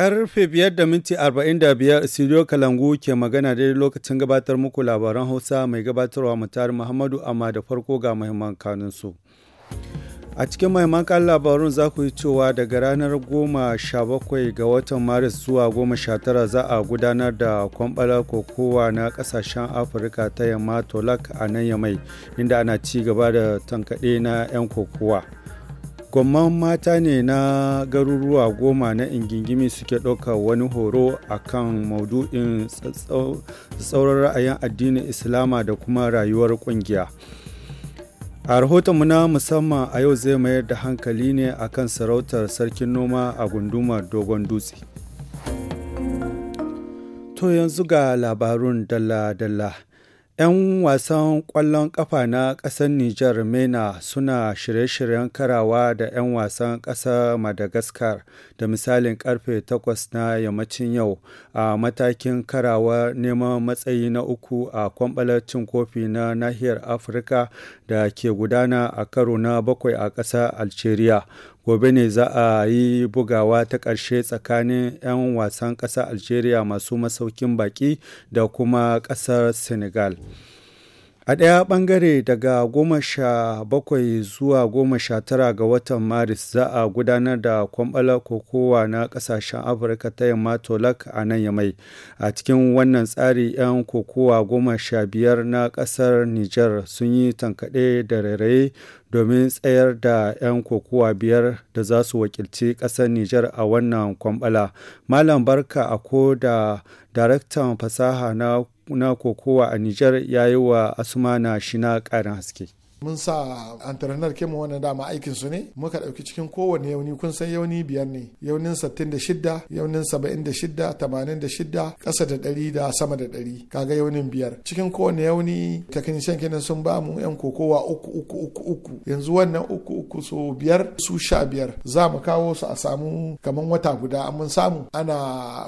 Karfe biyar da minti arba'in da biyar Studio Kalangu ke magana daidai lokacin gabatar muku labaran Hausa mai gabatarwa mutari Muhammadu amma da farko ga muhimman kanunsu. A cikin mahimman kan labarun za ku yi cewa daga ranar goma sha bakwai ga watan Maris zuwa goma sha tara za a gudanar da kwamɓalar kokowa na kasashen Afirka ta yamma Tolak a nan yamai inda ana ci gaba da tankaɗe na 'yan kokowa. Gwamman mata ne na garuruwa goma na ingingimi suke ɗauka wani horo a kan maudu'in tsauran ra'ayin addinin Islama da kuma rayuwar ƙungiya. A rahotonmu na musamman a yau zai mayar da hankali ne a kan sarautar sarkin noma a gundumar Dogon Dutse. To yanzu ga labarun dalla-dalla. 'Yan wasan ƙwallon ƙafa na ƙasar Nijar MENA suna shirye-shiryen karawa da 'yan wasan ƙasar Madagascar da misalin karfe 8 na yammacin yau a matakin karawa neman matsayi na uku a kwamɓalar cin kofi na nahiyar Afirka da ke gudana a karo na bakwai a ƙasar Algeria. gobe ne za a yi bugawa ta ƙarshe tsakanin 'yan wasan ƙasar algeria masu masaukin baƙi da kuma ƙasar senegal a ɗaya ɓangare daga goma sha bakwai zuwa goma sha tara ga watan maris za a gudanar da kwamɓala kokowa na ƙasashen afirka ta yamma tolak a nan yamai a cikin wannan tsari 'yan kokowa goma sha biyar na ƙasar niger sun yi tankaɗe da rairaye domin tsayar da 'yan kokowa biyar da za su wakilci ƙasar Nijar a wannan kwambala. Malam Barka a ko da daraktan fasaha na, kokowa a Nijar ya yi wa Asumana na ƙarin haske. mun sa entrepreneur ke mu wannan dama aikin su ne muka dauki cikin kowane yauni kun san yauni biyar ne yaunin 66 yaunin 76 86 kasa da 100 da sama da 100 kaga yaunin biyar cikin kowane yauni technician kenan sun ba mu yan kokowa uku uku uku uku yanzu wannan uku uku so biyar su sha biyar za mu kawo su a samu kaman wata guda an mun samu ana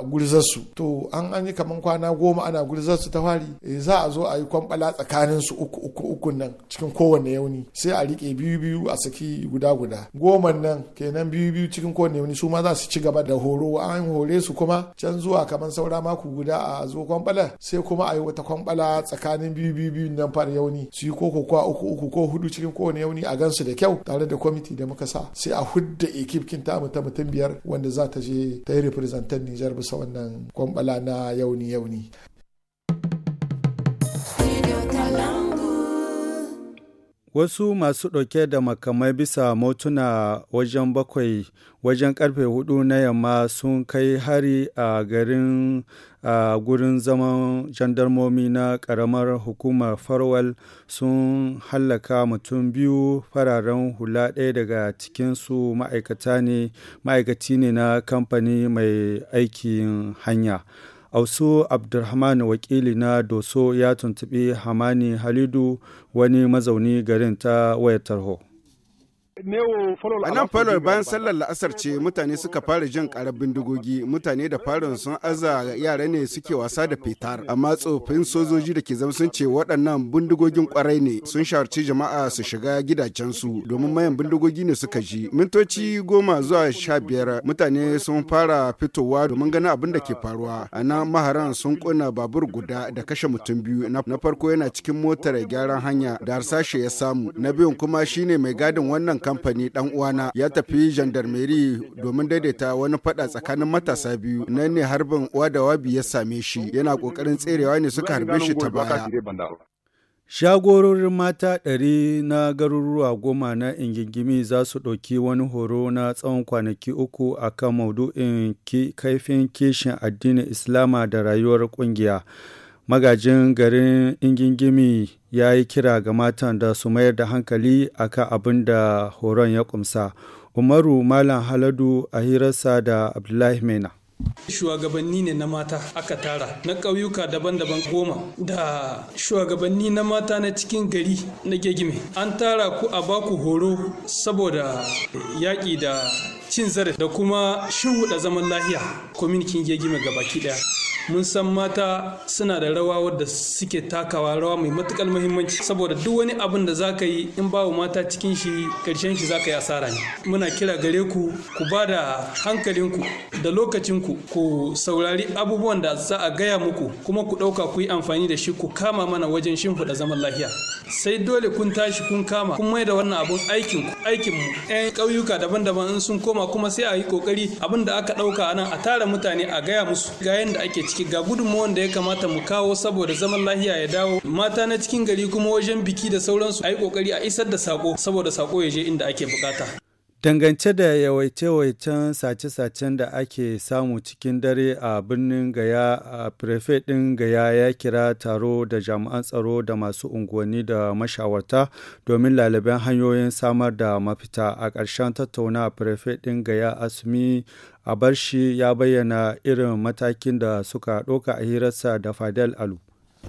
gurzar su to an an yi kaman kwana goma ana gurzar su ta fari eh, za a zo a yi kwambala tsakanin su uku uku uku nan cikin kowane kowane yauni sai a rike biyu biyu a saki guda guda goman nan kenan biyu biyu cikin kowanne yauni su ma za su ci gaba da horo an hore su kuma can zuwa kamar saura maku guda a zo kwambala sai kuma a yi wata kwambala tsakanin biyu biyu biyu nan far yauni su yi koko kwa uku uku ko hudu cikin kowane yauni a gansu da kyau tare da kwamiti da muka sa sai a hudda ekip kin ta mutum biyar wanda za ta je ta yi representan Nijar bisa wannan kwambala na yauni yauni Wasu masu ɗauke da makamai bisa motuna wajen bakwai wajen karfe hudu na yamma sun kai hari a garin a gurin zaman jandarmomi na ƙaramar hukumar farwal sun hallaka mutum biyu fararen hula ɗaya daga cikinsu ma'aikaci ne na kamfani mai aikin hanya. ausu abdulrahman wakili na doso ya tuntubi hamani halidu wani mazauni garin ta wayar tarho A nan falon bayan sallar la'asar ce mutane suka fara jin karar bindigogi mutane da farin sun aza yara ne suke wasa da fetar amma tsofin sojoji da ke zama sun ce waɗannan bindigogin kwarai ne sun shawarci jama'a su shiga gidajensu domin mayan bindigogi ne suka ji mintoci goma zuwa sha biyar mutane sun fara fitowa domin ganin abin da ke faruwa a nan maharan sun kuna babur guda da kashe mutum biyu na farko yana cikin motar gyaran hanya da harsashe ya samu na biyun kuma shine mai gadin wannan kamfani dan uwana ya tafi gendarmerie domin daidaita wani fada tsakanin matasa biyu nan ne harbin uwa da wabi ya same shi yana kokarin tserewa ne suka harbe shi ta baya Shagororin mata ɗari na garuruwa goma na ingigimi za su ɗauki wani horo na tsawon kwanaki uku a kan maudu'in kaifin kishin addinin Islama da rayuwar ƙungiya. magajin garin ingingimi ya yi kira ga matan da su mayar da hankali a akan abin da horon ya kumsa umaru malam haladu a hirarsa da abdullahi maina shugabanni ne na mata aka tara na ƙauyuka daban-daban goma da shugabanni na mata na cikin gari na gegime an tara ku a baku horo saboda yaƙi da cin zarafi da kuma shuhuda zaman lahiya kwamin gegime gabaki daya mun san mata suna da rawa wadda suke takawa rawa mai matukar muhimmanci saboda duk wani abin da zaka yi in bawa mata cikin shi karshen shi zaka yi asara ne muna kira gare ku ku ba da hankalinku da lokacinku ku saurari abubuwan da za a gaya muku kuma ku ɗauka ku yi amfani da shi ku kama mana wajen shimfiɗa zaman lafiya sai dole kun tashi kun kama kun mai da wannan abun aikin ku aikin mu ƙauyuka daban-daban in sun koma kuma sai a yi kokari abin da aka ɗauka a nan a tara mutane a gaya musu ga yadda ake ciki ga gudunmawar da ya kamata mu kawo saboda zaman lahiya ya dawo mata na cikin gari kuma wajen biki da sauransu a yi kokari a isar da sako saboda sako ya je inda ake bukata Dangance da yawaice yawaicen sace-sacen da ake samu cikin dare a birnin Gaya, a ɗin Gaya ya kira taro da jami'an tsaro da masu unguwanni da mashawarta domin lalaben hanyoyin samar da mafita. A ƙarshen tattauna a ɗin Gaya Asmi a bar shi ya bayyana irin matakin da suka ɗauka a hirarsa da Fadel Alu.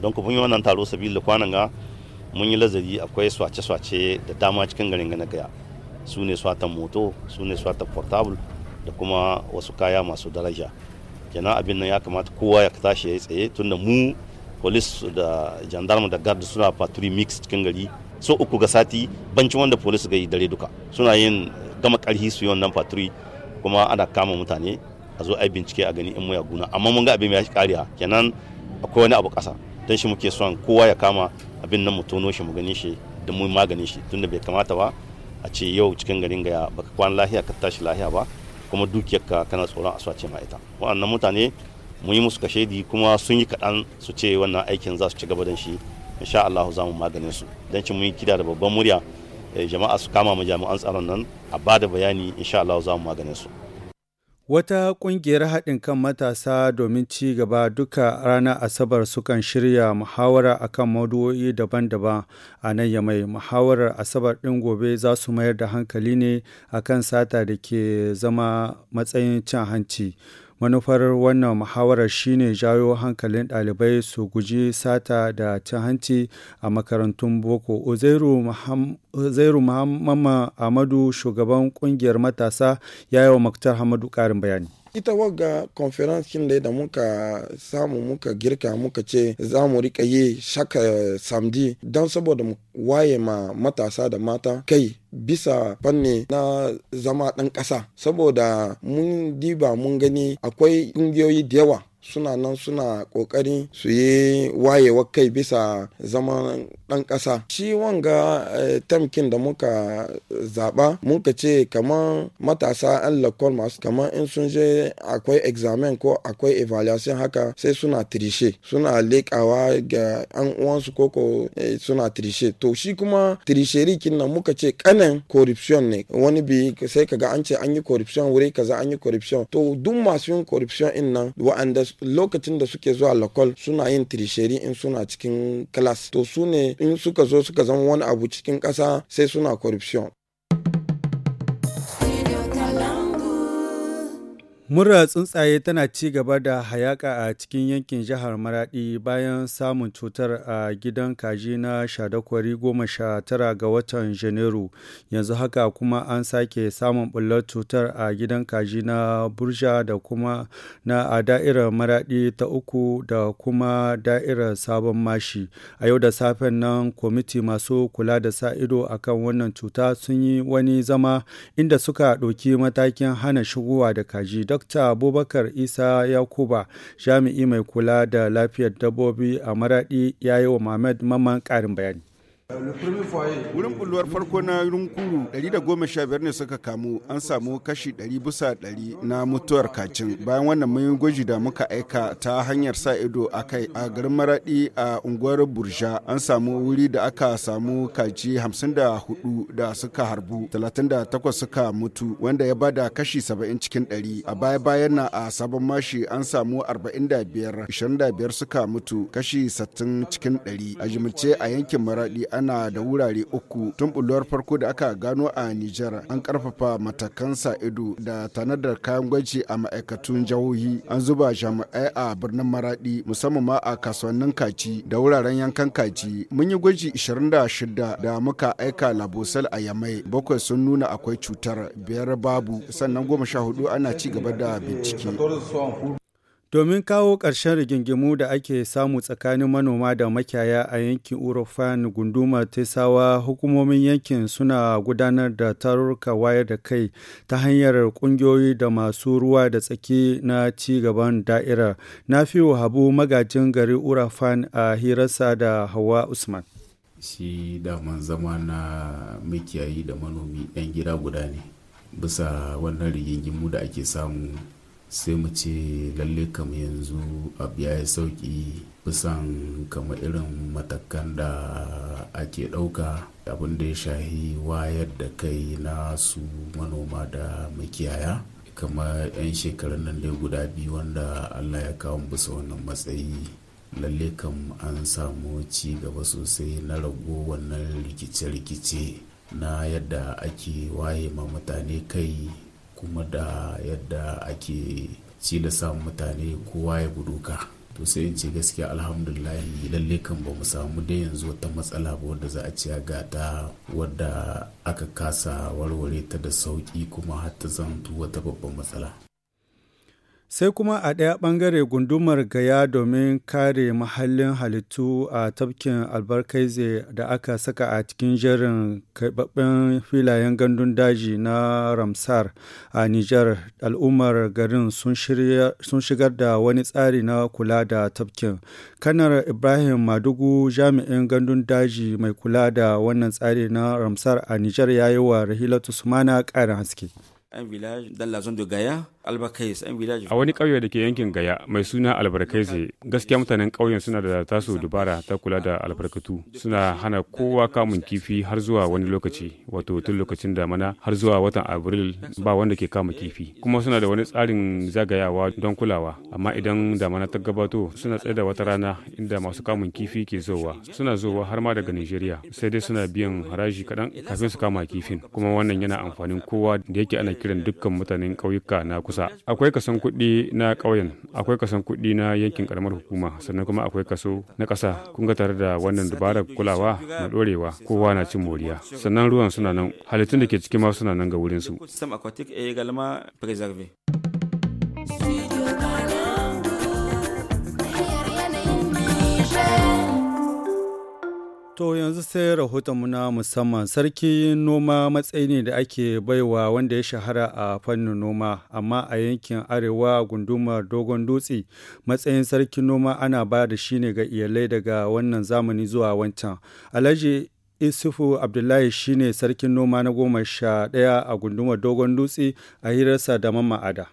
Don ku yi wannan taro sabili kwanan ga mun yi lazari akwai swace-swace da dama cikin garin gana gaya. Su ne swatan moto, su ne swatan portable da kuma wasu kaya masu daraja. Kenan abin nan ya kamata kowa ya tashi ya yi tsaye da mu polis da jandarma da guard suna patrol mix cikin gari so uku ga sati banci wanda polis ga yi dare duka suna yin gama karhi su yi wannan patrol kuma ana kama mutane a zo a bincike a gani in mu ya guna amma mun ga abin ya kariya kenan akwai wani abu kasa don shi muke son kowa ya kama abin nan mu tono shi mu gani shi da mu magani shi tunda bai kamata ba a ce yau cikin garin gaya baka kwana lahiya ka tashi lahiya ba kuma dukiyarka kana tsoron a swace ma ita wannan mutane mu yi musu kashedi kuma sun yi kaɗan su ce wannan aikin za su ci gaba da shi insha Allah za mu maganin su don shi mun yi kida da babban murya Eh, jama'a su kama ma jami'an tsaron nan a ba da bayani insha Allah za mu magane su. Wata ƙungiyar haɗin kan matasa domin ci gaba duka ranar Asabar sukan shirya muhawara akan maudu'o'i daban-daban a nan yamai. Muhawarar Asabar ɗin gobe za su mayar da hankali ne akan sata da ke zama matsayin cin hanci. manufar wannan muhawarar shine jawo hankalin ɗalibai su guji sata da cin hanci a makarantun boko uzairu muhammadu shugaban kungiyar matasa ya yi wa muktar hamadu ƙarin bayani ita wagga conference kin da muka samu muka girka muka ce za mu rika yi shaka samdi don saboda mu waye ma matasa da mata kai bisa fanni na zama ɗan ƙasa saboda mun diba mun gani akwai ƙungiyoyi da yawa suna nan suna kokari su yi wayewar kai bisa zaman ɗan ƙasa shi wanga eh, tamkin da muka zaɓa muka ce kamar matasa an lakon masu kamar in sun je akwai examen ko akwai evaluation haka sai suna tirishe suna lekawa ga 'yan uwansu koko eh, suna trishe to shi kuma tirisherikin nan muka ce kanan corruption ne wani bi sai kaga an ce an yi corruption wuri kaza an yi corruption to duk masu yin corruption in nan wa'anda lokacin da suke zuwa lakol suna yin tirisheri in suna cikin class to su ne in suka zo suka zama wani abu cikin ƙasa sai suna corruption Murar tsuntsaye tana ci gaba da hayaka a cikin yankin jihar Maradi bayan samun cutar a gidan kaji na shadakwari goma sha tara ga watan Janairu. Yanzu haka kuma an sake samun bullar cutar a gidan kaji na Burja da kuma na a da'irar Maradi ta uku da kuma da'irar Sabon Mashi. A yau da safen nan kwamiti masu kula da sa ido akan wannan cuta sun yi wani zama inda suka ɗauki matakin hana shigowa da kaji Dr. Abubakar Isa Yakuba jami'i mai kula da lafiyar dabbobi a Maradi ya yi wa Mohammed Maman ƙarin bayani. Wurin buluwar farko na runkuru 115 ne suka kamu an samu kashi 100 bisa 100 na mutuwar kacin bayan wannan mun gwaji da muka aika ta hanyar sa ido a kai a garin maradi a unguwar burja an samu wuri da aka samu kaji 54 da suka harbu 38 suka mutu wanda ya bada kashi 70 cikin 100 a baya bayan na a sabon mashi an samu 45 25 suka mutu kashi 60 cikin 100 a jimilce a yankin maradi ana da wurare uku tun bulwar farko da aka gano a Nijar an karfafa matakan sa ido da tanadar kayan gwaji a ma'aikatun jihohi an zuba jami'ai a birnin Maradi musamman ma a kasuwannin kaji da wuraren yankan kaji mun yi gwaji 26 da muka aika labosal a Yamai bakwai sun nuna akwai cutar biyar babu sannan goma sha hudu ana ci gaba da bincike. Domin kawo ƙarshen rigingimu da ake samu tsakanin manoma da makiyaya a yankin Urufan gundumar Tesawa, hukumomin yankin suna gudanar da tarurruka wayar da kai ta hanyar ƙungiyoyi da masu ruwa da tsaki na ci gaban da'irar. Na fi habu magajin gari Urufan a hirarsa da Hawa Usman. Shi daman zama na makiyayi da manomi ɗan gida guda ne bisa wannan rigingimu da ake samu sai mu ce lalle kamar yanzu abu ya yi sauki bisan kamar irin matakan da ake ɗauka abin da ya shahi wayar da kai na su manoma da makiyaya kamar 'yan shekarun nan dai guda biyu wanda allah ya kawo bisa wannan matsayi lalle kam an samu ci gaba sosai na rago wannan rikice-rikice na yadda ake waye ma mutane kai kuma da yadda ake ci da samun mutane kowa ya ka to sai in ce gaskiya alhamdulahi lalle kan ba mu samu da yanzu wata matsala ba wadda za a ci ga ta wadda aka kasa warware ta da sauki kuma har ta zantu wata babban matsala sai kuma a ɗaya ɓangare gundumar gaya domin kare mahallin halittu a tafkin albarkaize da aka saka a cikin jerin kaibabben filayen gandun daji na ramsar a niger al'ummar garin sun shigar da wani tsari na kula da tafkin kanar ibrahim madugu jami'in gandun daji mai kula da wannan tsari na ramsar a niger ya yi wa rahilatu sumana ƙarin haske A wani kauye da ke yankin Gaya mai suna Albarkaise, gaskiya mutanen ƙauyen suna da taso dubara ta kula da albarkatu. Suna hana kowa kamun kifi har zuwa wani lokaci, wato tun lokacin damana har zuwa watan Abril ba wanda ke kama kifi. Kuma suna da wani tsarin zagayawa don kulawa, amma idan damana ta gabato suna tsaye da wata rana inda masu kamun kifi ke zowa. Suna zowa har ma daga Nigeria, sai dai suna biyan haraji kaɗan kafin su kama kifin. Kuma wannan yana amfanin kowa da yake ana kiran dukkan mutanen kauyuka na kusa kusa akwai kason kuɗi na ƙauyen akwai kason kuɗi na yankin karamar hukuma sannan kuma akwai kaso na ƙasa kun ga tare da wannan dabarar kulawa na dorewa kowa na cin moriya sannan ruwan suna nan halittun da ke cikin ma suna nan ga wurin su. To yanzu sai rahoton na musamman sarki noma matsayi ne da ake baiwa wanda ya shahara a fannin noma amma a yankin arewa gundumar dogon dutse matsayin sarkin noma ana ba da shi ne ga iyalai daga wannan zamani zuwa wancan. Alhaji Isufu Abdullahi shine sarkin noma na goma sha ɗaya a gundumar dogon dutse a hirarsa da mama'ada.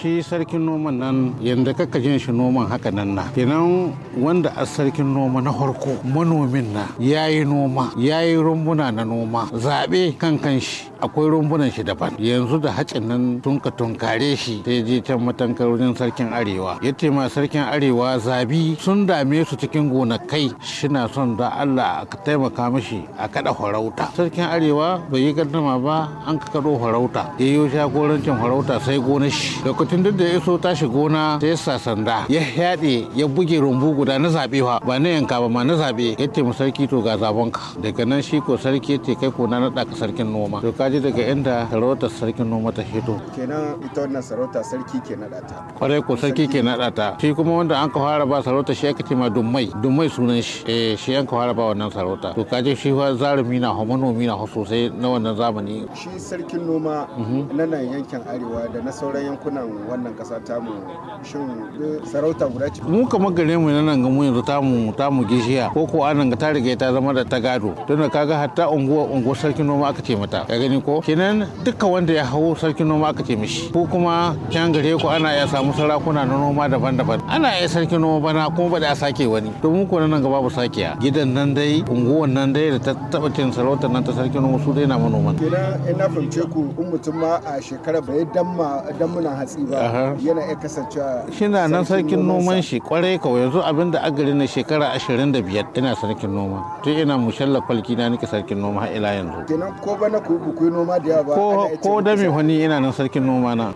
shi sarkin noman nan yadda kaka jin shi noman haka nan na kenan wanda a sarkin noma na harko manomin na ya yi noma ya yi rumbuna na noma zaɓe kan kanshi. shi akwai rumbunan shi daban yanzu da hacin nan tunka tunkare shi sai je can matankar wajen sarkin arewa ya ce ma sarkin arewa zabi sun dame su cikin gonakai shina son da allah a taimaka mashi a kaɗa farauta sarkin arewa bai yi gardama ba an ka kaɗo farauta ya yi jagorancin farauta sai gonar shi lokacin duk da ya so tashi gona sai ya sa sanda ya yaɗe ya buge rumbu guda na zaɓe wa ba na yanka ba ma na zaɓe ya mu sarki to ga zaɓen ka daga nan shi ko sarki ya ce kai ko na naɗa ka sarkin noma to kaji daga inda sarautar sarkin noma ta fito kenan ita wannan sarauta sarki ke naɗa ta kwarai ko sarki ke naɗa ta shi kuma wanda an ka fara ba sarauta shi aka ce ma dummai dummai sunan shi eh shi an ka fara ba wannan sarauta to kaji shi fa zarumi na manomi na sosai na wannan zamani shi sarkin noma mhm. na nan yankin arewa da na sauran yankunan nan wannan kasa tamu shin eh, sarauta guda ce mu kamar gare mu nan ga mu yanzu tamu tamu gishiya ko ko anan ga ta riga ta zama da ta gado don da kaga hatta unguwa unguwa sarkin noma aka ce mata ka gani ko kenan dukkan wanda ya hawo sarkin noma aka ce mishi ko kuma can gare ku ana ya samu sarakuna na noma daban-daban ana ya sarkin noma bana kuma ba da sake wani to mu ko nan ga babu sakiya gidan nan dai unguwan nan dai da ta taba cin sarautar nan ta sarkin noma su dai na manoma kenan ina fahimce ku in mutum ma a shekara bai damma ma dan muna hatsi ba yana iya kasancewa shina nan sarkin noman shi kwarai kawai yanzu abin da agari na shekara 25 ina sarkin noma tun ina mushalla kwalki na nake sarkin noma har ila yanzu kenan ko bana ku ku noma da yawa ba ko da mai wani ina nan sarkin noma na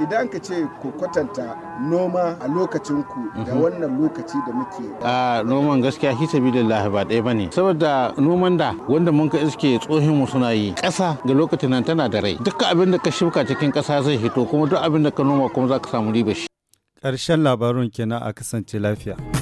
idan ka ce ku kwatanta noma a lokacin ku da mhm. wannan lokaci da muke a noman gaskiya da ba ɗaya bane saboda noman da wanda mun ka iske tsohin mu suna yi ƙasa ga lokacin nan tana da rai duk abin da ka shuka cikin ƙasa zai hito kuma duk abin da ka noma kuma za ka samu riba shi ƙarshen labarun kenan a kasance lafiya